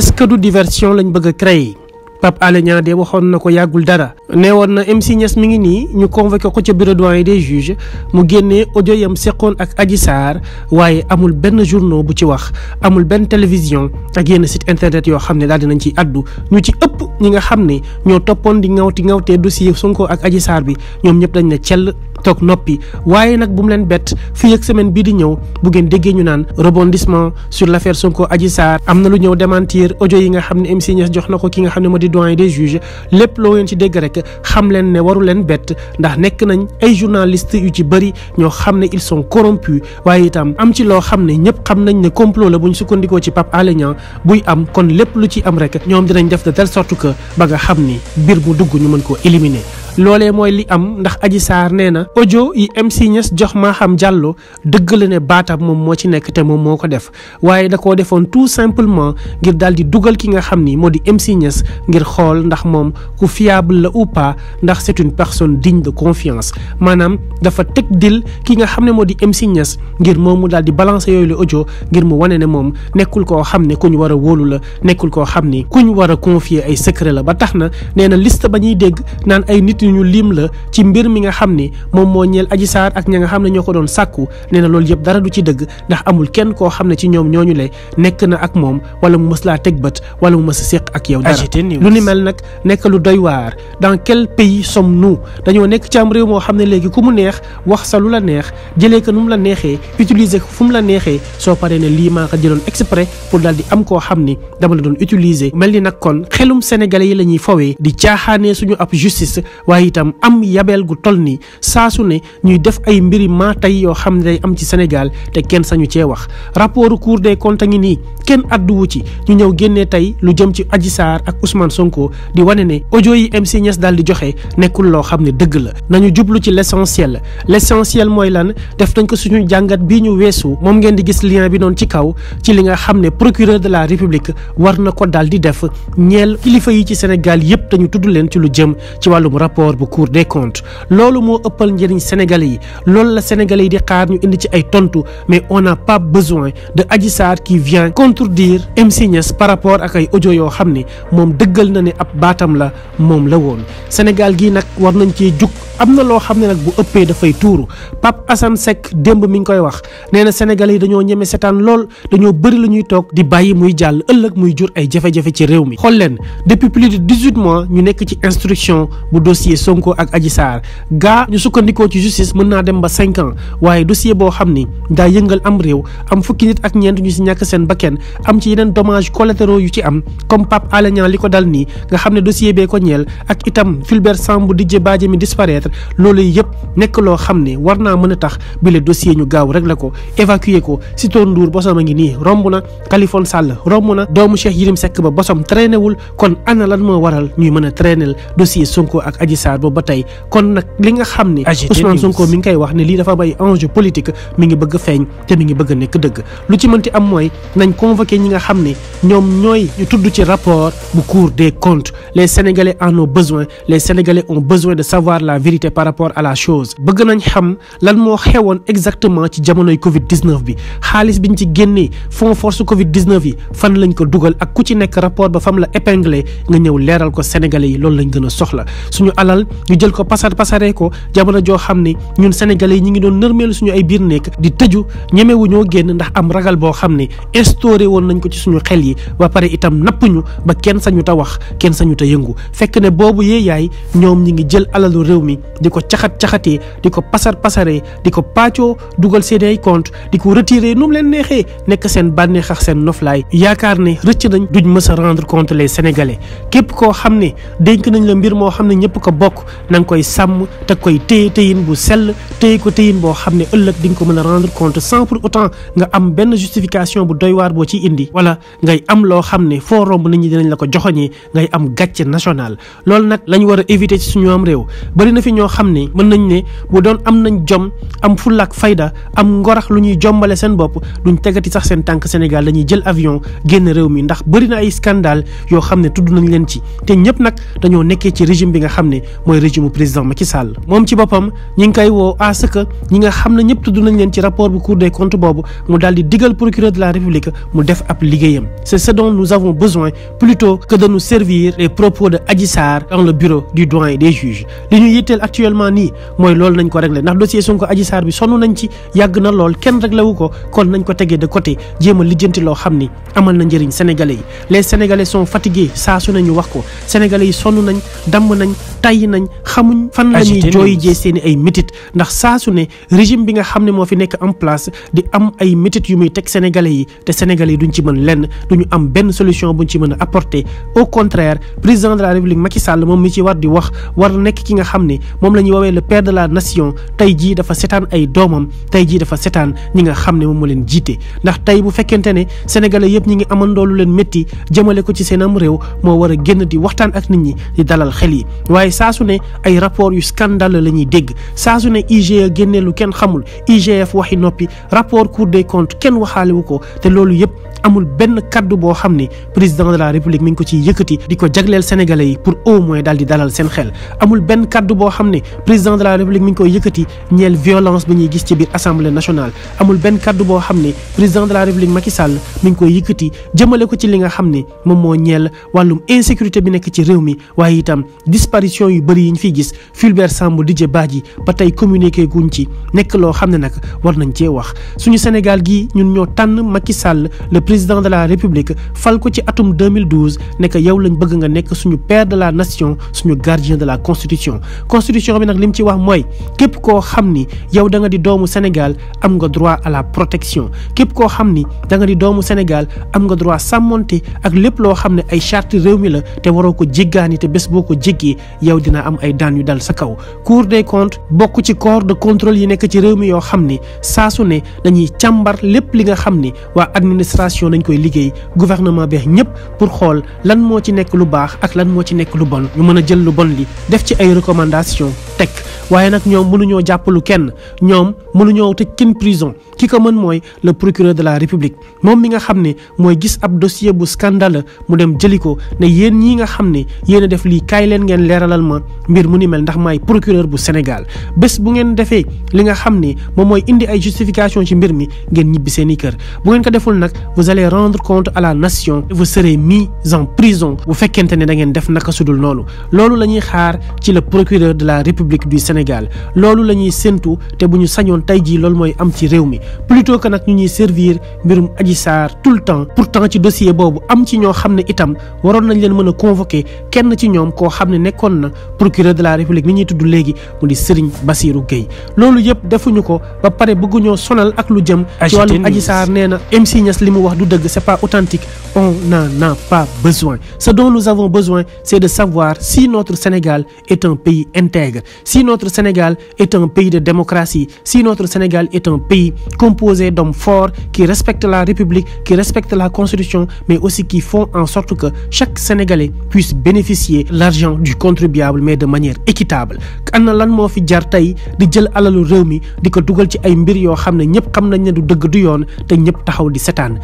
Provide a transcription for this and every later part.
est-ce que du diversion lañ bëgg a créer Pape Alé Niang de waxoon na ko yàggul dara nee woon na MC Niass mi ngi nii ñu convoqué ko ca bureau doyen des juges mu génnee audio yam seqoon ak aji Sarr waaye amul benn journaux bu ci wax amul benn télévision ak génn site internet yoo xam ne daal ci ciy addu ñu ci ëpp ñi nga xam ne ñoo toppoon di ngawti ngawtee dossier Sonko ak Adji Sarr bi ñoom ñëpp dañ ne cell toog noppi waaye nag bu mu leen bett fii ak semaine bii di ñëw bu ngeen déggee ñu naan rebondissement sur l' affaire Sonko Adji Sarr am na lu ñëw démentir ojo yi nga xam ne MC jox na ko ki nga xam ne moo di doyen de juges lépp loo ngeen ci dégg rek xam leen ne waru leen bett ndax nekk nañ ay journaliste yu ci bëri ñoo xam ne ils sont corrompus waaye itam am ci loo xam ne ñëpp xam nañ ne complot la bu ñu sukkandikoo ci Pape Alé Niang buy am kon lépp lu ci am rek ñoom dinañ def de telle sorte que ba nga xam ni mbir mu dugg mën koo éliminer loole mooy li am ndax Adji Sarr nee na audio yi MC Niass jox Maham Diallo dëgg la ne baatam moom moo ci nekk te moom moo ko def waaye da koo defoon tout simplement ngir daal di dugal ki nga xam ni moo di MC ngir xool ndax moom ku fiable la ou pas ndax c'est une personne digne de confiance maanaam dafa teg dil ki nga xam ne moo di MC ngir moom mu daal di balancer yooyu la ojo ngir mu wane ne moom nekkul koo xam ne ku ñu war a wóolu la nekkul koo xam ni ku ñu war a confier ay secret la ba tax na nee na liste ba ñuy dégg naan ay nit yu ñu lim la ne moom moo ñeel aji saar ak ña nga koo xam ne ci ñoom ñooñu le nekk na ak moom wala mu mës laa teg bët wala mu mës ak yow dara lu ni mel nag nekk lu doy waar dans quel pays sommes-nous dañoo nekk ci réew moo xam ne léegi ku mu neex wax sa lu la neex jëlee ko nu mu la neexee utiliser ko fu mu la neexee soo paree ne lii maa ko jëloon exprès pour daal di am koo xam ni dama la doon utiliser mel ni nag kon xelum sénégalais yi la fowee di caaxaanee suñu ab justice waaye itam am yabeel gu toll nii saa su ne ñuy def ay mbiri maa tey yoo xam ne day am ci Sénégal te kenn sañu cee wax rapport Cour des ta ngi nii kenn adduwu ci ñu ñëw génnee tey lu jëm ci Adji Sarr ak Ousmane Sonko di wane ne ojo yi MC Niass daal di joxe nekkul loo xam ne dëgg la nañu jublu ci l'essentiel l'essentiel mooy lan def nañ ko suñu jàngat bi ñu weesu moom ngeen di gis lien bi noonu ci kaw ci li nga xam ne procureur de la république war na ko daal di def rapport bu cour des comptes loolu moo ëppal njëriñ sénégalais yi loolu la sénégalais yi di xaar ñu indi ci ay tontu mais on n'a pas besoin de Adji Sarr qui vient contredire MC Niass par rapport ak ay ojo yoo xam ne moom dëggal na ne ab baatam la moom la woon Sénégal gii nag war nañ cee jug am na loo xam ne nag bu ëppee dafay tuuru Pape assan Seck démb mi ngi koy wax nee na sénégalais yi dañoo ñeme setaan lool dañoo bëri lu ñuy toog di bàyyi muy jàll ëllëg muy jur ay jafe-jafe ci réew mi xool leen dossier Sonko ak Adji Sarr gaa ñu sukkandikoo ci justice mën naa dem ba cinq ans waaye dossier boo xam ni daa yëngal am réew am fukki nit ak ñeent ñu si ñàkk seen bakken am ci yeneen dommages collatéraux yu ci am comme Pape Alé Niang li ko dal nii nga xam bee ko ñeel ak itam Fulbert Sambou Didier Badji mi disparaître loolu yëpp nekk loo xam ne war naa mën a tax bi le dossier ñu gaaw rek la ko évacuer ko Sitor Ndour bosam a ngi nii romb na Kalifone Sall romb na doomu Cheikh Yérim Seck ba bosom traîner wul kon ana lan moo waral ñuy a Sarr boobu ba tey kon nag li nga xam ne Ousmane Sonko mi nga koy wax ne lii dafa bay enjeu politique mi ngi bëgg feeñ te mi ngi bëgg nekk dëgg lu ci mënti am mooy nañ convoqué ñi nga xam ne ñoom ñooy ñu tudd ci rapport bu Cour des comptes les Sénégalais en ont besoin les Sénégalais ont besoin de savoir la vérité par rapport à la chose bëgg nañ xam lan moo xewoon exactement ci jamonoy Covid 19 bi xaalis biñ ci génnee fonds force Covid 19 yi fan lañ ko dugal ak ku ci nekk rapport ba fam la épinglé ñëw leeral ko Sénégalais yi loolu lañ gën a soxla alal ñu jël ko pasar pasaree ko jamono joo xam ni ñun sénégalais yi ñu ngi doon nërmeelu suñu ay biir nekk di tëju ñoo génn ndax am ragal boo xam ne instauré woon nañ ko ci suñu xel yi ba pare itam napp ñu ba kenn sañu ta wax kenn sañu ta yëngu fekk ne boobu yee yaay ñoom ñi ngi jël alalu réew mi di ko caxat-caxatee di ko pasar pasaree di ko paccoo dugal seen ay compte di ko retiré nu mu leen neexee nekk seen bànneex ak seen noflaay yaakaar ne rëcc nañ duñ mës a rendre compte ne dénk nañ la mbir moo bokk na koy sàmm te koy téye téyin bu sell téye ko téyin boo xam ne ëllëg di ko mën a rendre compte sans pour autant nga am benn justification bu doy boo ciy indi wala ngay am loo xam ne foo romb nit ñi dinañ la ko joxoñee ngay am gàcce national loolu nag la ñu war a éviter ci suñu am réew bari na fi ñoo xam ne mën nañu ne bu doon am nañ jom am fullaak fayda am ngorax lu ñuy jombale seen bopp duñ tegati sax seen tànk Sénégal dañuy jël avion génn réew mi ndax bari na ay scandale yoo xam ne tudd nañ leen ci te ñëpp nag dañoo nekkee ci régime bi nga xam ne mooy régime président Macky Sall moom ci boppam ñi ngi woo à ce nga xam ne ñëpp tudd nañ leen ci rapport bu cour des comptes boobu mu daal di digal procureur de la république mu def ab liggéeyam c'est ce dont nous avons besoin plutôt que de servir les propos de Adji dans le bureau du doyen des juges li ñu yitteel actuellement nii mooy loolu nañ ko régler ndax dossier Sonko Adji Sarr bi sonn nañ ci yàgg na lool kenn réglé wu ko kon nañ ko a lijjanti na njëriñ sénégalais tàyyi nañ xamuñ fan la ñuy jee seen ay métit ndax saa ne régime bi nga xam ne moo fi nekk en place di am ay métit yu muy teg sénégalais yi te sénégalais yi duñ ci mën lenn duñu am benn solution buñ ci mën a apporter au contraire président de la république Macky moom mi ci war di wax war nekk ki nga xam ne moom la ñuy woowee le père de la nation tey jii dafa setaan ay doomam tey jii dafa setaan ñi nga xam ne moom moo leen jiite ndax tey bu fekkente ne sénégalais yëpp ñi ngi amandoo leen métti jëmale ko ci seen am réew moo war a génn di waxtaan ak nit ñi di dalal xel yi saa su ne ay rapport yu scandale la ñuy dégg saa su ne IGE génne kenn xamul IGF waxi noppi rapport cour des comptes kenn waxaale wu ko te loolu yëpp amul benn kaddu boo xam ne président de la république mi ngi ko ciy yëkkati di ko jagleel sénégalais yi pour au moins daal di dalal seen xel amul benn kaddu boo xam ne président de la république mi ngi koy yëkkati ñeel violence bi ñuy gis ci biir assemblée nationale amul benn kaddu boo xam ne président de la république Macky Sall mi ngi koy yëkkati jëmale ko ci li nga xam ne moom moo ñeel wàllum insécurité bi nekk ci réew mi waaye itam disparition yu bëri yi ñu fiy gis Fulbert Sambou Didier Badji ba tey communiqué guñ ci nekk loo xam ne nag war nañ cee wax suñu Sénégal gii ñun ñoo tànn Macky Sall le président de la République fal ko ci atum 2012 nekk yow lañ bëgg nga nekk suñu père de la nation suñu gardien de la constitution constitution bi nag li mu ci wax mooy képp koo xam ni yow da nga di doomu Sénégal am nga droit à la protection képp koo xam ni danga di doomu Sénégal am nga droit sàmmonte ak lépp loo xam ne ay charte réew mi te waroo ko jéggaani bés boo ko jéggee yow yow dina am ay daan yu dal sa kaw cour des comptes bokk ci corps de contrôle yi nekk ci réew mi yoo xam ni saa ne dañuy càmbar lépp li nga xam ni waa administration dañ koy liggéey gouvernement beex ñëpp pour xool lan moo ci nekk lu baax ak lan moo ci nekk lu bon ñu mën a jël lu bon li def ci ay recommandations teg waaye nag ñoom mënuñoo jàppalu kenn ñoom mënuñoo tëj kenn prison ki ko mën mooy le procureur de la république moom mi nga xam ne mooy gis ab a def ma mbir mu ni mel ndax maay procureur bu Sénégal bés bu ngeen defee li nga xam ni moom mooy indi ay justification ci mbir mi ngeen ñibbi seen i kër bu ngeen ko deful nag vous allez rendre compte à la nation vous serez mis en prison bu fekkente ne da ngeen def naka sudul noonu loolu la xaar ci le procureur de la République du Sénégal loolu la ñuy te bu ñu sañoon tey jii loolu mooy am ci réew mi plutôt que nag ñu ñuy servir mbirum Adji Sarr tout a convoquer kenn procureur de la république mi ñuy tudd léegi mu di Serigne Bassirou Gueye loolu yëpp defuñu ko ba pare bëgguñoo sonal ak lu jëm ci wàllu Adji Sarr nee na MC Niass li mu wax du dëgg c'est pas authentique on n'en a pas besoin. Ce dont nous avons besoin, c'est de savoir si notre Sénégal est un pays intègre, si nootre Sénégal est un pays de démocratie, si notre Sénégal est un pays composé d'hommes forts qui respecte la République, qui respecte la Constitution, mais aussi qui font en sorte que chaque Sénégalais puisse bénéficier l'argent du contribuable, mais de manière équitable. Ana lan moo fi jar tey di jël alalu réew mi di ko dugal ci ay mbir yoo xam ne ñëpp xam nañ ne du dëgg du yoon te ñëpp taxaw di setaan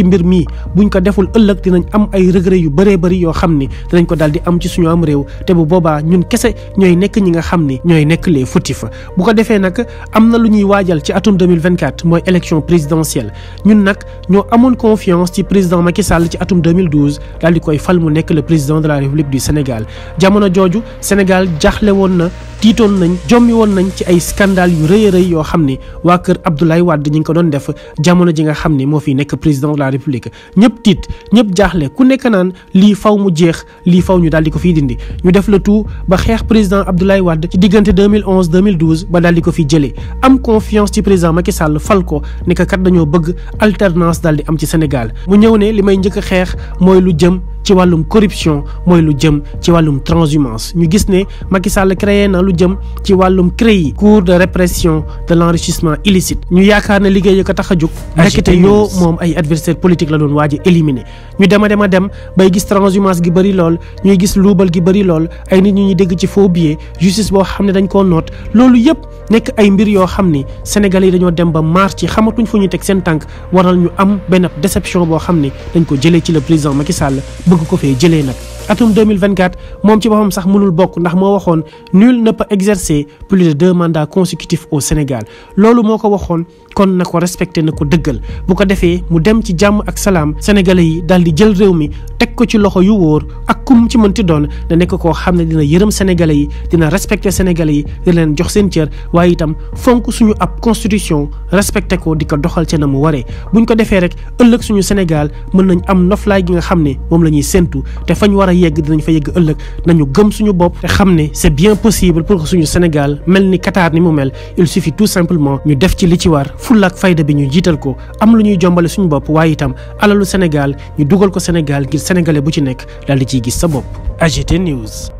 ci mbir mii buñ ko deful ëllëg dinañ am ay regret yu bëree bëri yoo xam ni nañ ko daal di am ci suñu am réew te bu booba ñun kese ñooy nekk ñi nga xam ni ñooy nekk les fautifs bu ko defee nag am na lu ñuy waajal ci atum 2024 mooy élection présidentielle ñun nag ñoo amoon confiance ci président Macky Sall ci atum 2012 daal di koy fal mu nekk le président de la République du Sénégal jamono jooju Sénégal jaaxle woon na tiitoon nañ jommi woon nañ ci ay scandale yu rëy a rëy yoo xam ni waa kër Abdoulaye Wade ñi ko doon def jamono ji nga xam ni moo nekk président la république ñëpp tiit ñëpp jaaxle ku nekk naan lii faw mu jeex lii faw ñu daal ko fiy dindi ñu def le tout ba xeex président Abdoulaye Wade ci diggante ba daal ko fiy jëlee am confiance ci président Macky Sall fal dañoo bëgg alternance daal am ci Sénégal mu ñëw ne li may njëkk a xeex mooy lu jëm ci wàllum corruption mooy lu jëm ci wàllum transhumance ñu gis ne Macky Sall créé na lu jëm ci wàllum CREI cour de répression de l'enrichissement illicite ñu yaakaar ne liggéey ko tax a jóg nekkite yoo moom ay adversaire politique la doon waaj a éliminer ñu dema dema dem bay gis transhumance gi bëri lool ñuy gis luubal gi bëri lool ay nit ñu dégg ci faux billets justice boo xam ne dañ koo noot loolu yëpp nekk ay mbir yoo xam ni Sénégalais yi dañoo dem ba marche ci xamatuñ fu ñuy teg seen tànk waral ñu am benn déception boo xam ne dañ ko jëlee ci le président Macky Sall bëgg ko fee jëlee nag atum 2024 moom ci boppam sax mënul bokk ndax moo waxoon nul ne peut exercer plus de deux mandats consécutifs au Sénégal loolu moo ko waxoon kon na ko respecté na ko dëggal bu ko defee mu dem ci jàmm ak salaam sénégalais yi daal di jël réew mi teg ko ci loxo yu wóor ak kum ci mënti doon da nekk koo xam ne dina yërëm sénégalais yi dina respecté sénégalais yi dina leen jox seen cër waaye itam fonk suñu ab constitution respecté ko di ko doxal ca na mu waree buñ ko defee rek ëllëg suñu Sénégal mën nañ am nof noflaay gi nga xam ne moom la ñuy séntu te fañ war a yegg dinañ fa yegg ëllëg nañu gëm suñu bopp te xam ne c'est bien possible pour que suñu Sénégal mel ni Qatar ni mu mel il suffit tout simplement ñu def ci li ci war fulla ak fayda bi ñu jiital ko am lu ñuy jombale suñu bopp waaye itam alalu Sénégal dugal ko Sénégal ngir sénégalais bu ci nekk daal di ciy gis sa bopp AGT News